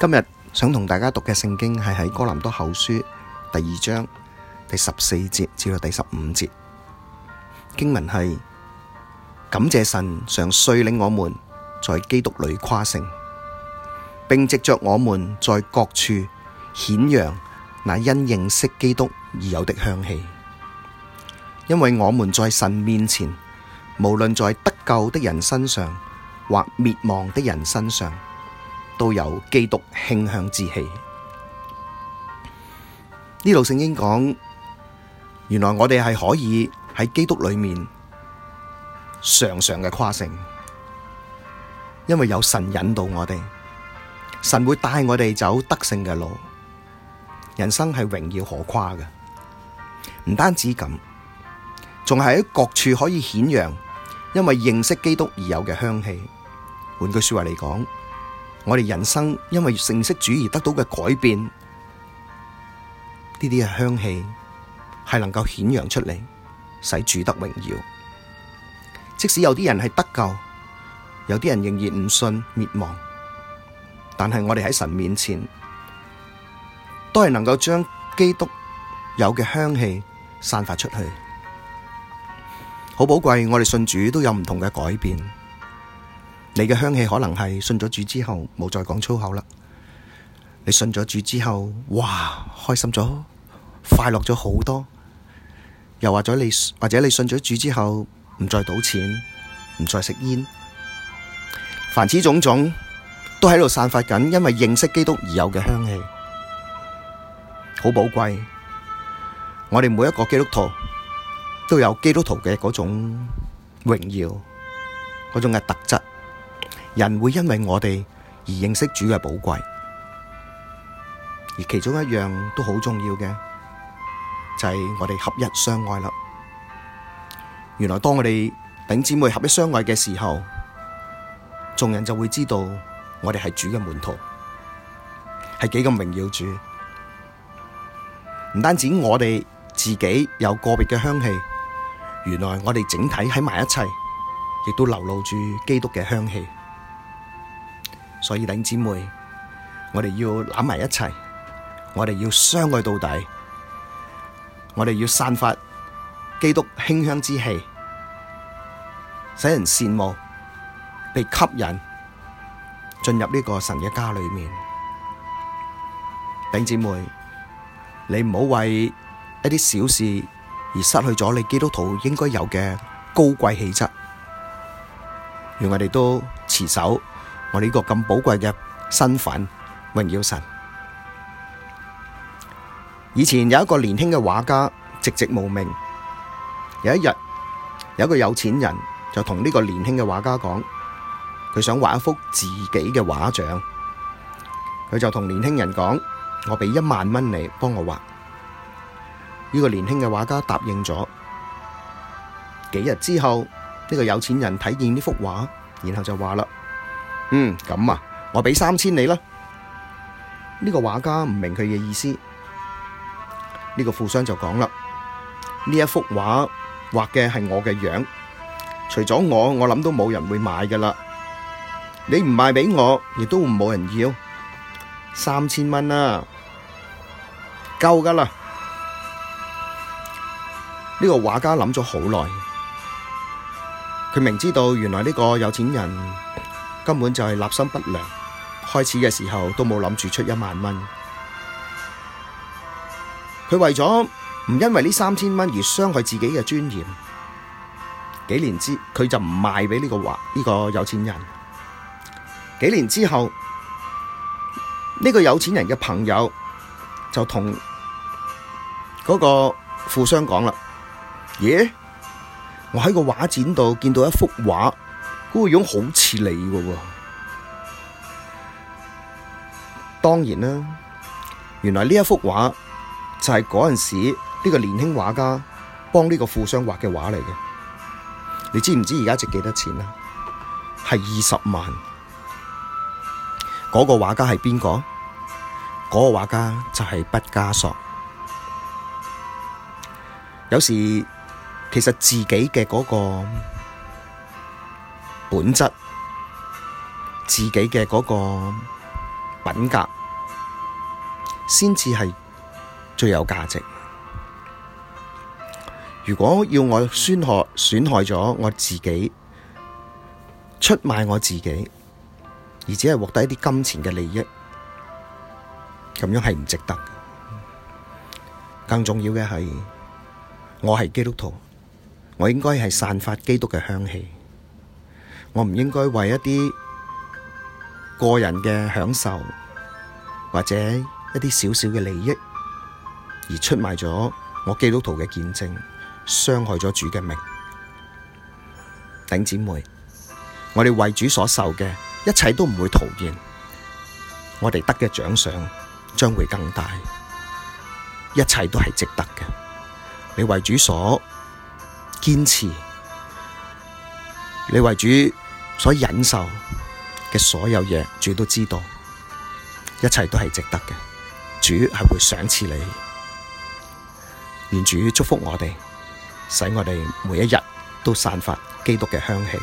今日想同大家讀嘅聖經係喺哥林多後書第二章第十四節至到第十五節，經文係感謝神，常率領我們在基督裡誇勝，並藉着我們在各處顯揚那因認識基督而有的香氣，因為我們在神面前，無論在得救的人身上或滅亡的人身上。都有基督馨香之氣。呢度聖經講，原來我哋係可以喺基督裡面常常嘅誇勝，因為有神引導我哋，神會帶我哋走得勝嘅路。人生係榮耀可誇嘅，唔單止咁，仲係喺各處可以顯揚，因為認識基督而有嘅香氣。換句話說話嚟講。我哋人生因為聖式主義得到嘅改變，呢啲嘅香氣係能夠顯揚出嚟，使主得榮耀。即使有啲人係得救，有啲人仍然唔信滅亡，但係我哋喺神面前，都係能夠將基督有嘅香氣散發出去，好寶貴。我哋信主都有唔同嘅改變。你嘅香氣可能係信咗主之後冇再講粗口啦。你信咗主之後，哇，開心咗，快樂咗好多。又或者你或者你信咗主之後唔再賭錢，唔再食煙，凡此種種都喺度散發緊，因為認識基督而有嘅香氣，好寶貴。我哋每一個基督徒都有基督徒嘅嗰種榮耀，嗰種嘅特質。人會因為我哋而認識主嘅寶貴，而其中一樣都好重要嘅就係我哋合一相愛啦。原來當我哋弟兄姊妹合一相愛嘅時候，眾人就會知道我哋係主嘅門徒，係幾咁榮耀主。唔單止我哋自己有個別嘅香氣，原來我哋整體喺埋一齊，亦都流露住基督嘅香氣。所以，頂姊妹，我哋要攬埋一齊，我哋要相愛到底，我哋要散發基督馨香之氣，使人羨慕，被吸引進入呢個神嘅家裏面。頂姊妹，你唔好為一啲小事而失去咗你基督徒應該有嘅高貴氣質。讓我哋都持守。我呢個咁寶貴嘅身份榮耀神。以前有一個年輕嘅畫家籍籍無名，有一日有一個有錢人就同呢個年輕嘅畫家講，佢想畫一幅自己嘅畫像，佢就同年輕人講：我俾一萬蚊你幫我畫。呢個年輕嘅畫家答應咗。幾日之後呢個有錢人睇見呢幅畫，然後就話啦。嗯，咁啊，我畀三千你啦。呢個畫家唔明佢嘅意思。呢個富商就講啦，呢一幅畫畫嘅係我嘅樣，除咗我，我諗都冇人會買噶啦。你唔賣畀我，亦都冇人要。三千蚊啦，啊，夠噶啦。呢個畫家諗咗好耐，佢明知道原來呢個有錢人，根本就係立心不良，開始嘅時候都冇諗住出一萬蚊。佢為咗唔因為呢三千蚊而傷害自己嘅尊嚴，幾年之佢就唔賣畀呢個畫呢個有錢人。幾年之後，呢個有錢人嘅朋友就同嗰個富商講啦：耶，我喺個畫展度見到一幅畫。個樣好似你噶喎、哦，當然啦，原來呢一幅畫就係嗰陣時呢、這個年輕畫家幫呢個富商畫嘅畫嚟嘅，你知唔知而家值幾多錢啊？係二十萬，嗰、個畫家係邊、個？嗰個畫家就係畢加索。有時其實自己嘅嗰、個。本質自己嘅嗰個品格，先至係最有價值。如果要我宣學損害咗我自己，出賣我自己，而只係獲得一啲金錢嘅利益，咁樣係唔值得。更重要嘅係，我係基督徒，我應該係散發基督嘅香氣。我唔應該為一啲個人嘅享受或者一啲少少嘅利益而出賣咗我基督徒嘅見證，傷害咗主嘅名。頂姊妹，我哋為主所受嘅一切都唔會徒然，我哋得嘅獎賞將會更大，一切都係值得嘅。你為主所堅持，你為主，所以忍受嘅所有嘢，主都知道，一切都係值得嘅。主係會賞賜你，願主祝福我哋，使我哋每一日都散發基督嘅香氣。